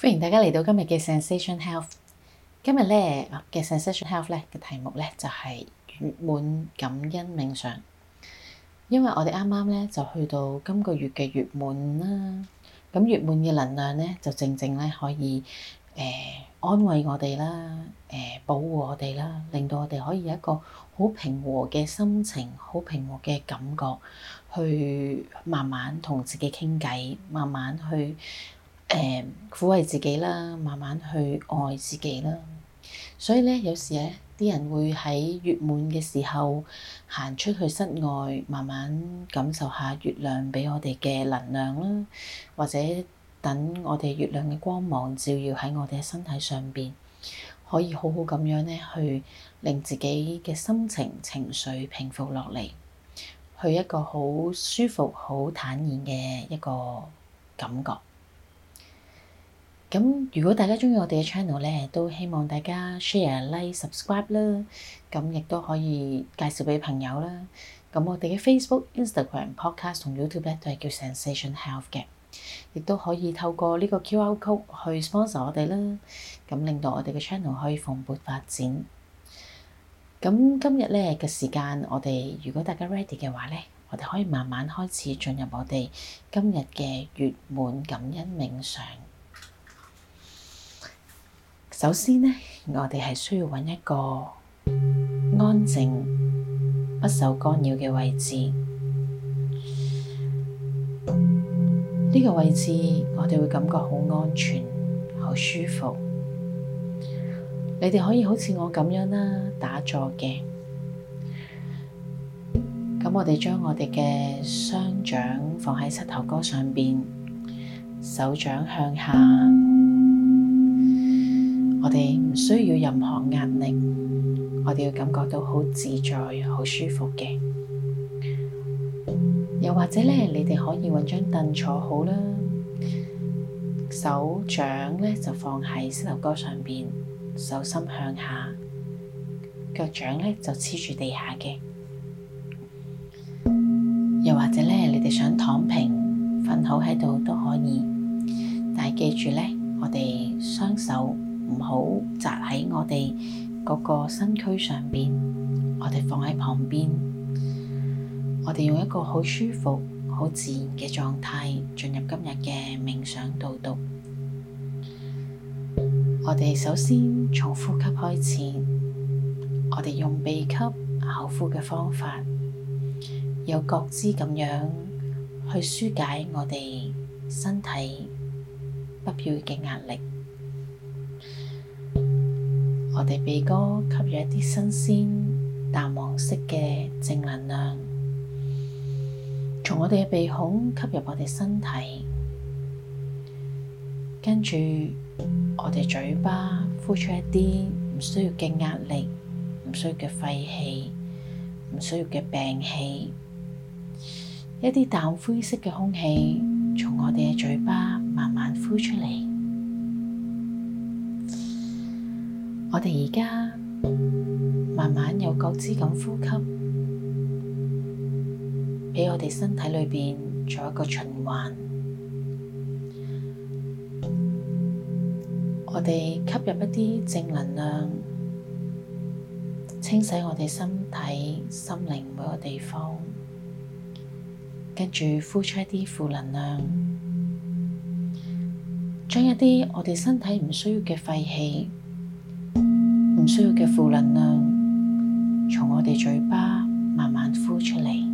歡迎大家嚟到今日嘅 Zensation Health。今日咧嘅 Zensation Health 咧嘅題目咧就係、是、月滿感恩冥想。因為我哋啱啱咧就去到今個月嘅月滿啦，咁月滿嘅能量咧就正正咧可以誒、呃、安慰我哋啦，誒、呃、保護我哋啦，令到我哋可以有一個好平和嘅心情，好平和嘅感覺，去慢慢同自己傾偈，慢慢去。誒撫慰自己啦，慢慢去愛自己啦。所以咧，有時咧，啲人會喺月滿嘅時候行出去室外，慢慢感受下月亮畀我哋嘅能量啦，或者等我哋月亮嘅光芒照耀喺我哋嘅身體上邊，可以好好咁樣咧，去令自己嘅心情情緒平復落嚟，去一個好舒服、好坦然嘅一個感覺。咁如果大家鍾意我哋嘅 channel 咧，都希望大家 share、like、subscribe 啦。咁亦都可以介紹俾朋友啦。咁我哋嘅 Facebook、Instagram、Podcast 同 YouTube 咧都係叫 Zensation Health 嘅。亦都可以透過呢個 QR code 去 sponsor 我哋啦。咁令到我哋嘅 channel 可以蓬勃發展。咁今日咧嘅時間，我哋如果大家 ready 嘅話咧，我哋可以慢慢開始進入我哋今日嘅月滿感恩冥想。首先呢，我哋係需要揾一個安靜、不受干擾嘅位置。呢個位置我哋會感覺好安全、好舒服。你哋可以好似我咁樣啦，打坐嘅。咁我哋將我哋嘅雙掌放喺膝頭哥上面，手掌向下。我哋唔需要任何壓力，我哋要感覺到好自在、好舒服嘅。又或者咧，你哋可以搵張凳坐好啦，手掌咧就放喺膝頭哥上邊，手心向下，腳掌咧就黐住地下嘅。又或者咧，你哋想躺平瞓好喺度都可以，但係記住咧，我哋雙手。唔好扎喺我哋嗰個身軀上邊，我哋放喺旁邊，我哋用一個好舒服、好自然嘅狀態進入今日嘅冥想導讀。我哋首先從呼吸開始，我哋用鼻吸口呼嘅方法，有覺知咁樣去舒解我哋身體不必要嘅壓力。我哋鼻哥吸入一啲新鮮淡黃色嘅正能量，從我哋嘅鼻孔吸入我哋身體，跟住我哋嘴巴呼出一啲唔需要嘅壓力、唔需要嘅廢氣、唔需要嘅病氣，一啲淡灰色嘅空氣，從我哋嘅嘴巴慢慢呼出嚟。我哋而家慢慢有覺知咁呼吸，畀我哋身體裏邊做一個循環。我哋吸入一啲正能量，清洗我哋身體、心靈每個地方，跟住呼出一啲負能量，將一啲我哋身體唔需要嘅廢氣。需要嘅負能量從我哋嘴巴慢慢呼出嚟。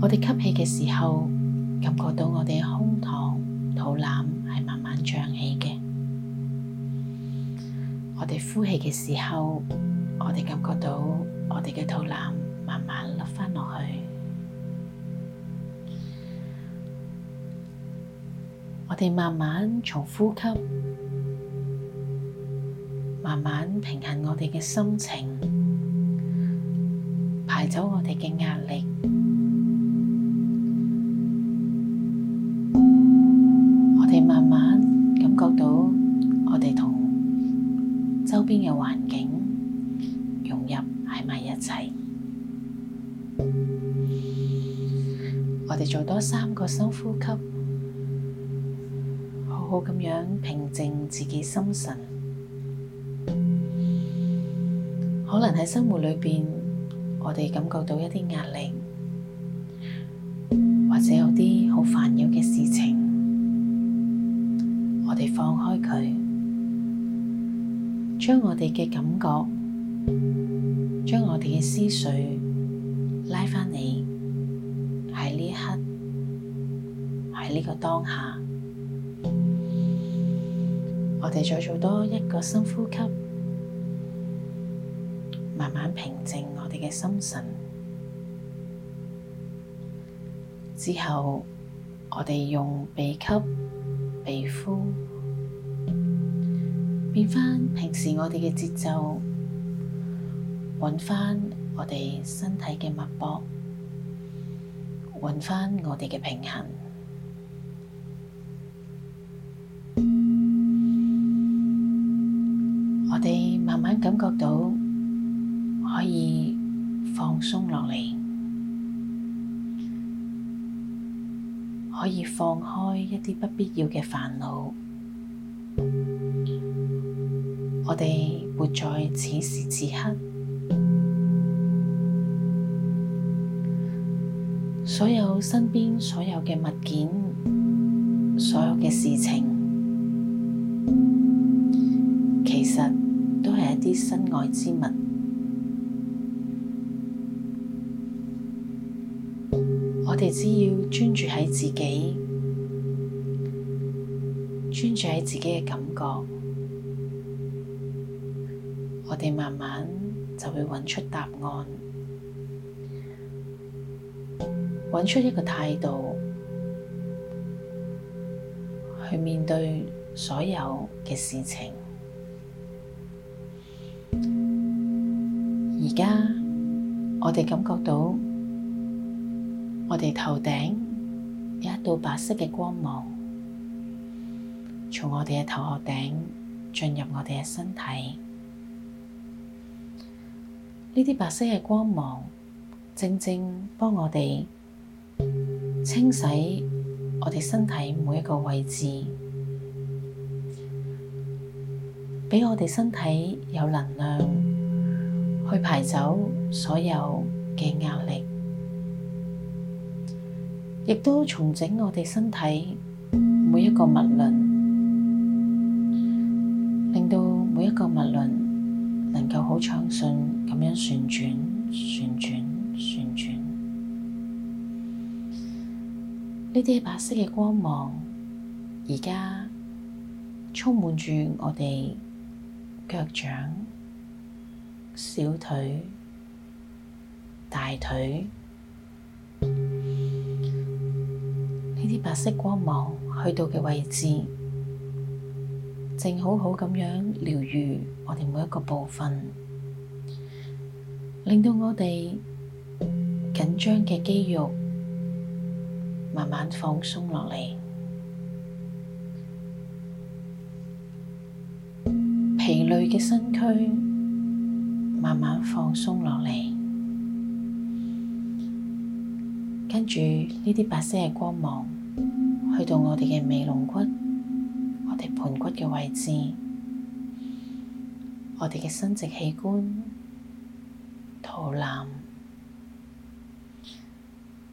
我哋吸氣嘅時候，感覺到我哋胸膛、肚腩係慢慢脹起嘅。我哋呼氣嘅時候，我哋感覺到我哋嘅肚腩慢慢凹翻落去。我哋慢慢從呼吸。慢慢平衡我哋嘅心情，排走我哋嘅壓力。我哋慢慢感覺到我哋同周邊嘅環境融入喺埋一齊。我哋做多三個深呼吸，好好咁樣平靜自己心神。喺生活裏邊，我哋感覺到一啲壓力，或者有啲好煩擾嘅事情，我哋放開佢，將我哋嘅感覺，將我哋嘅思緒拉翻嚟，喺呢一刻，喺呢個當下，我哋再做多一個深呼吸。慢慢平靜我哋嘅心神，之後我哋用鼻吸鼻呼，變返平時我哋嘅節奏，搵返我哋身體嘅脈搏，搵返我哋嘅平衡，我哋慢慢感覺到。放鬆落嚟，可以放開一啲不必要嘅煩惱。我哋活在此時此刻，所有身邊所有嘅物件，所有嘅事情，其實都係一啲身外之物。只要專注喺自己，專注喺自己嘅感覺，我哋慢慢就會揾出答案，揾出一個態度去面對所有嘅事情。而家我哋感覺到。我哋頭頂有一道白色嘅光芒，從我哋嘅頭殼頂進入我哋嘅身體。呢啲白色嘅光芒，正正幫我哋清洗我哋身體每一個位置，畀我哋身體有能量去排走所有嘅壓力。亦都重整我哋身體每一個脈輪，令到每一個脈輪能夠好暢順咁樣旋轉、旋轉、旋轉。呢啲白色嘅光芒，而家充滿住我哋腳掌、小腿、大腿。呢啲白色光芒去到嘅位置，正好好咁樣療癒我哋每一個部分，令到我哋緊張嘅肌肉慢慢放鬆落嚟，疲累嘅身軀慢慢放鬆落嚟。跟住呢啲白色嘅光芒，去到我哋嘅尾龍骨、我哋盆骨嘅位置、我哋嘅生殖器官、肚腩，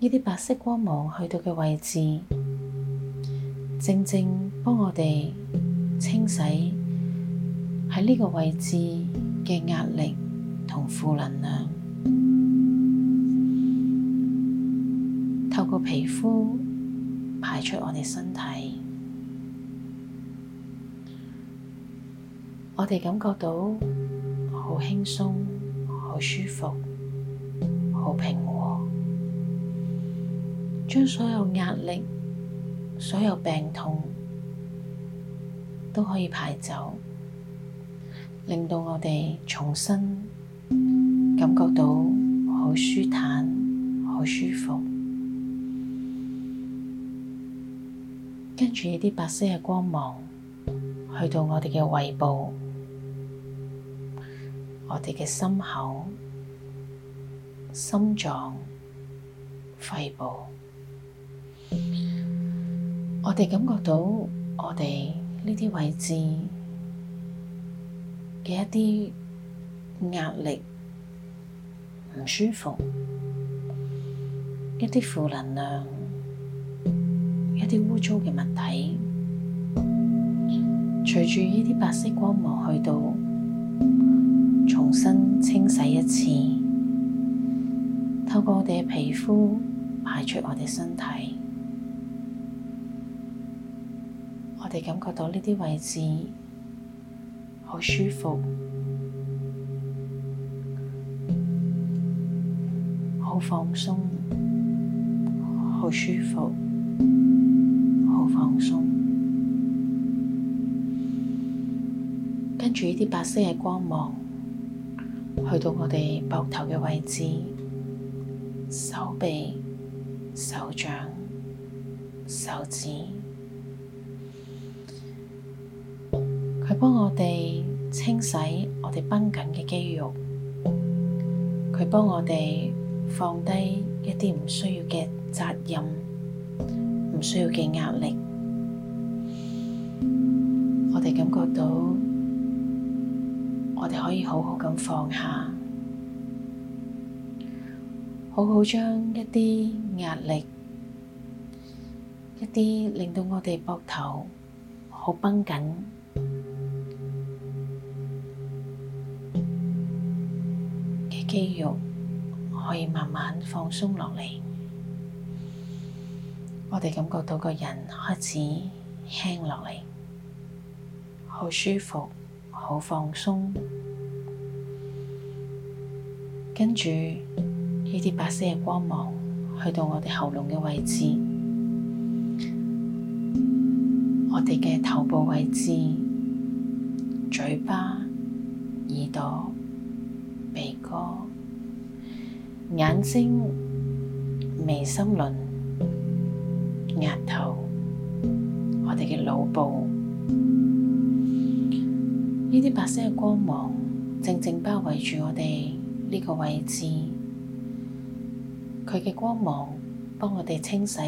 呢啲白色光芒去到嘅位置，正正幫我哋清洗喺呢個位置嘅壓力同負能量。皮膚排出我哋身體，我哋感覺到好輕鬆、好舒服、好平和，將所有壓力、所有病痛都可以排走，令到我哋重新感覺到好舒坦、好舒服。跟住啲白色嘅光芒去到我哋嘅胃部，我哋嘅心口、心臟、肺部，我哋感覺到我哋呢啲位置嘅一啲壓力唔舒服，一啲負能量。啲污糟嘅物體，隨住呢啲白色光芒去到，重新清洗一次，透過我哋嘅皮膚，排出我哋身體，我哋感覺到呢啲位置好舒服，好放鬆，好舒服。呢啲白色嘅光芒去到我哋膊頭嘅位置、手臂、手掌、手指，佢幫我哋清洗我哋繃緊嘅肌肉，佢幫我哋放低一啲唔需要嘅責任、唔需要嘅壓力，我哋感覺到。我哋可以好好咁放下，好好將一啲壓力、一啲令到我哋膊頭好繃緊嘅肌肉，可以慢慢放鬆落嚟。我哋感覺到個人開始輕落嚟，好舒服。好放鬆，跟住呢啲白色嘅光芒去到我哋喉嚨嘅位置，我哋嘅頭部位置、嘴巴、耳朵、鼻哥、眼睛、眉心輪、額頭，我哋嘅腦部。呢啲白色嘅光芒，正正包圍住我哋呢個位置。佢嘅光芒幫我哋清洗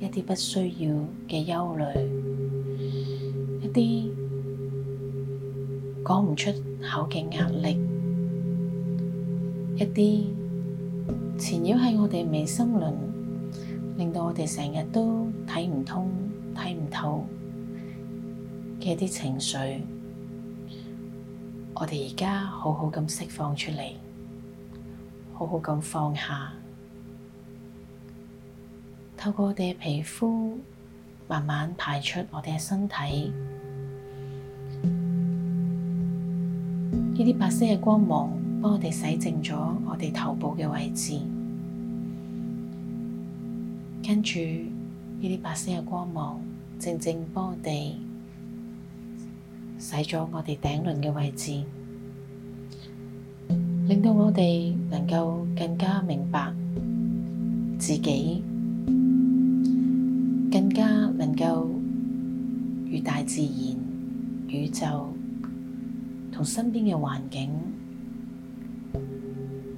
一啲不需要嘅憂慮，一啲講唔出口嘅壓力，一啲纏繞喺我哋眉心輪，令到我哋成日都睇唔通、睇唔透嘅一啲情緒。我哋而家好好咁釋放出嚟，好好咁放下，透過我哋嘅皮膚，慢慢排出我哋嘅身體。呢啲白色嘅光芒幫我哋洗淨咗我哋頭部嘅位置，跟住呢啲白色嘅光芒正正幫我哋。洗咗我哋頂輪嘅位置，令到我哋能夠更加明白自己，更加能夠與大自然、宇宙同身邊嘅環境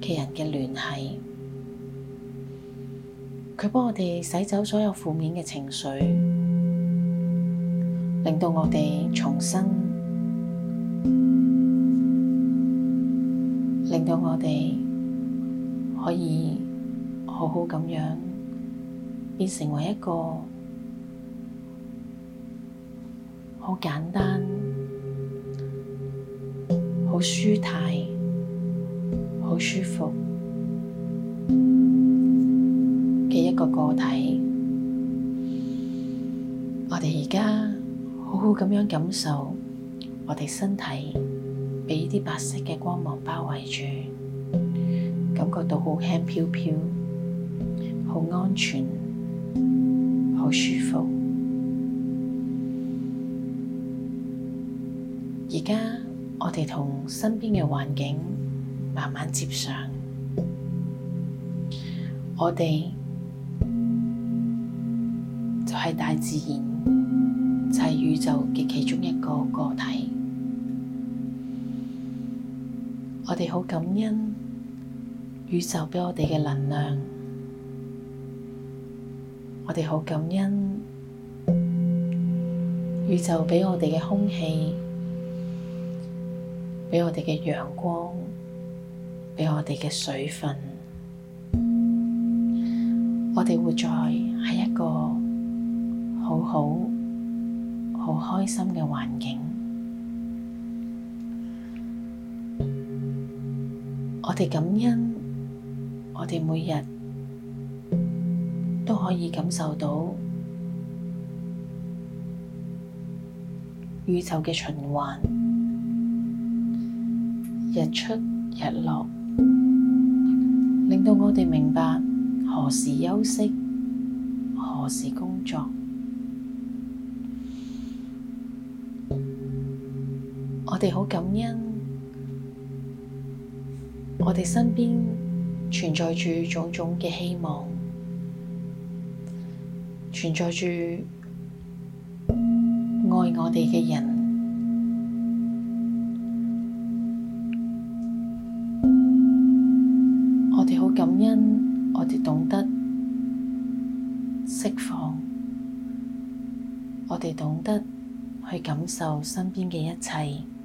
嘅人嘅聯繫。佢幫我哋洗走所有負面嘅情緒，令到我哋重新。令到我哋可以好好咁樣變成為一個好簡單、好舒泰、好舒服嘅一個個體。我哋而家好好咁樣感受我哋身體。被啲白色嘅光芒包圍住，感覺到好輕飄飄，好安全，好舒服。而家我哋同身邊嘅環境慢慢接上，我哋就係大自然，就係宇宙嘅其中一個個體。我哋好感恩宇宙俾我哋嘅能量，我哋好感恩宇宙俾我哋嘅空氣，俾我哋嘅陽光，俾我哋嘅水分，我哋活在喺一個好好好開心嘅環境。我哋感恩，我哋每日都可以感受到宇宙嘅循環，日出日落，令到我哋明白何時休息，何時工作。我哋好感恩。我哋身邊存在住種種嘅希望，存在住愛我哋嘅人，我哋好感恩，我哋懂得釋放，我哋懂得去感受身邊嘅一切。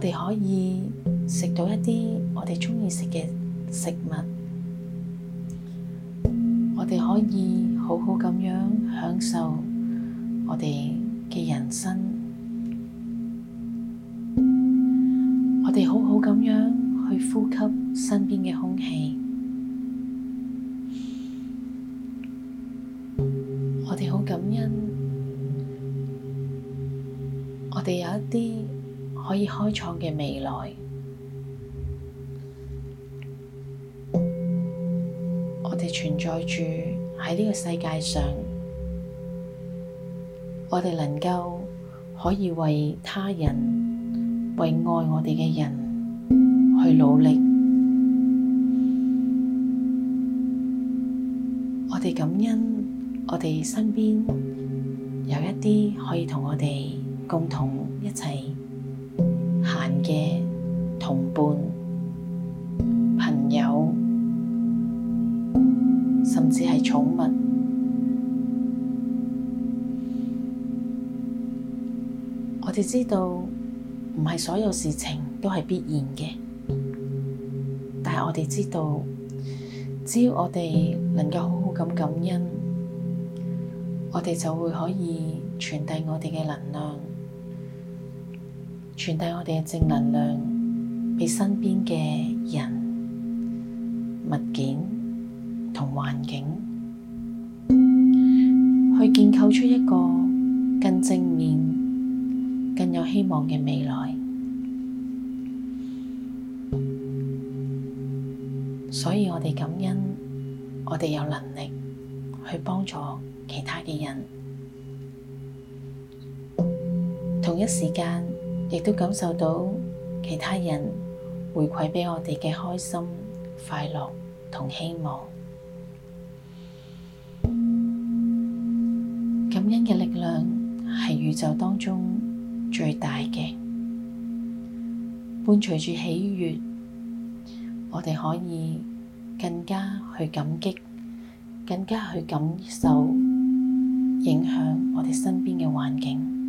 我哋可以食到一啲我哋鍾意食嘅食物，我哋可以好好咁樣享受我哋嘅人生，我哋好好咁樣去呼吸身邊嘅空氣，我哋好感恩，我哋有一啲。可以開創嘅未來，我哋存在住喺呢個世界上，我哋能夠可以為他人、為愛我哋嘅人去努力。我哋感恩，我哋身邊有一啲可以同我哋共同一齊嘅同伴、朋友，甚至係寵物，我哋知道唔係所有事情都係必然嘅，但係我哋知道，只要我哋能夠好好咁感恩，我哋就會可以傳遞我哋嘅能量。傳遞我哋嘅正能量畀身邊嘅人、物件同環境，去建構出一個更正面、更有希望嘅未來。所以我哋感恩，我哋有能力去幫助其他嘅人，同一時間。亦都感受到其他人回饋畀我哋嘅開心、快樂同希望。感恩嘅力量係宇宙當中最大嘅。伴隨住喜悅，我哋可以更加去感激，更加去感受影響我哋身邊嘅環境。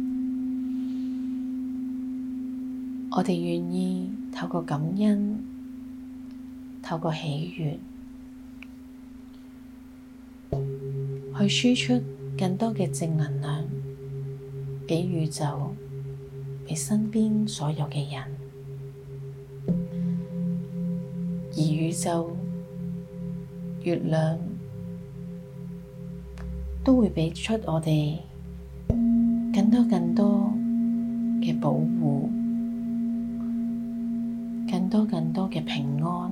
我哋願意透過感恩，透過喜悅，去輸出更多嘅正能量，畀宇宙，畀身邊所有嘅人，而宇宙、月亮都會畀出我哋更多更多嘅保護。多更多嘅平安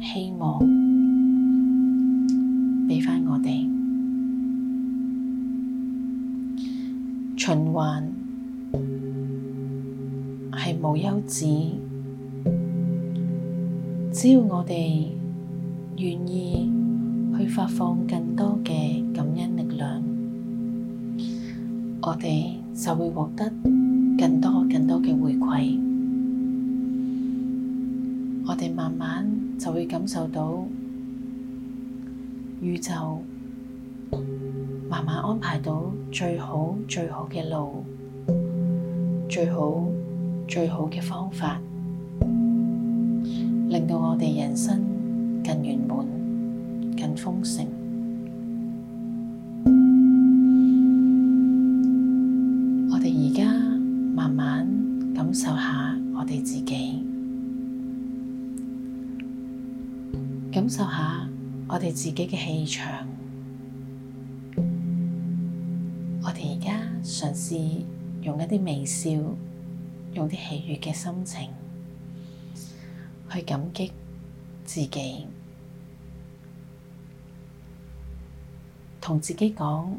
希望給，俾翻我哋，循環係無休止。只要我哋願意去發放更多嘅感恩力量，我哋就會獲得更多更多嘅回饋。就會感受到宇宙慢慢安排到最好最好嘅路，最好最好嘅方法，令到我哋人生更圓滿、更豐盛。吸收下我哋自己嘅氣場，我哋而家嘗試用一啲微笑，用啲喜悅嘅心情去感激自己，同自己講：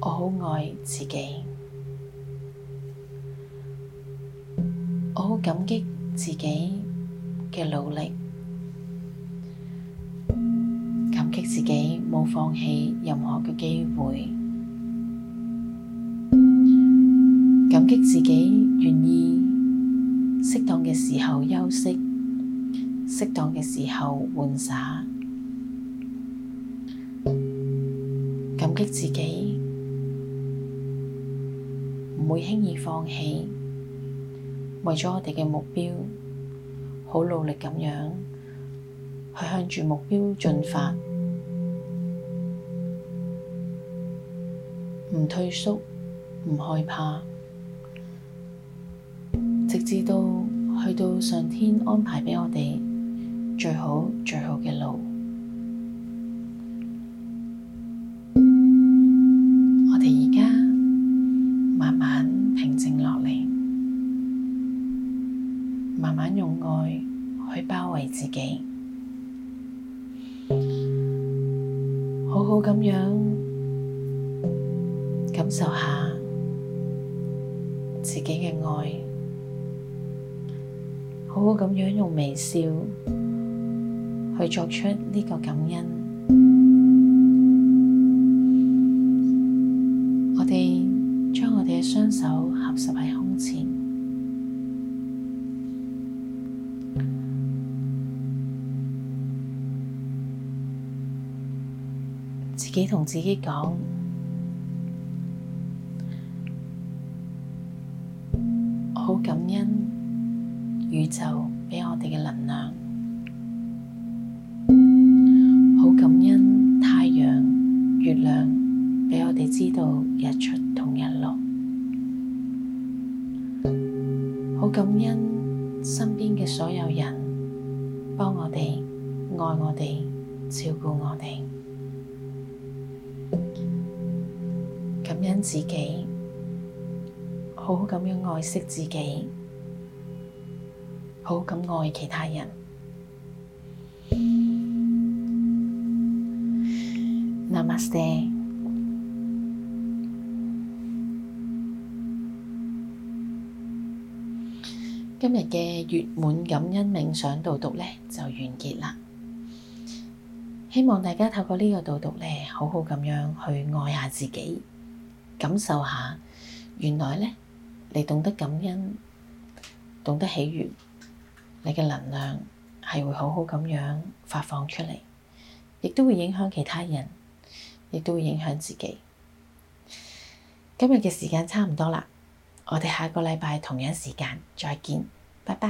我好愛自己，我好感激自己。嘅努力，感激自己冇放棄任何嘅機會，感激自己願意適當嘅時候休息，適當嘅時候玩耍，感激自己唔會輕易放棄，為咗我哋嘅目標。好努力咁樣去向住目標進發，唔退縮，唔害怕，直至到去到上天安排畀我哋最好最好嘅路。作出呢個感恩，我哋將我哋嘅雙手合十喺胸前，自己同自己講：我好感恩宇宙俾我哋嘅能量。知道日出同日落，好感恩身邊嘅所有人，幫我哋，愛我哋，照顧我哋，感恩自己，好好咁樣愛惜自己，好好咁愛其他人。Namaste。今日嘅月滿感恩冥想導讀咧，就完結啦，希望大家透過呢個導讀咧，好好咁樣去愛下自己，感受下，原來咧你懂得感恩，懂得喜悅，你嘅能量係會好好咁樣發放出嚟，亦都會影響其他人，亦都會影響自己。今日嘅時間差唔多啦。我哋下個禮拜同樣時間，再見，拜拜。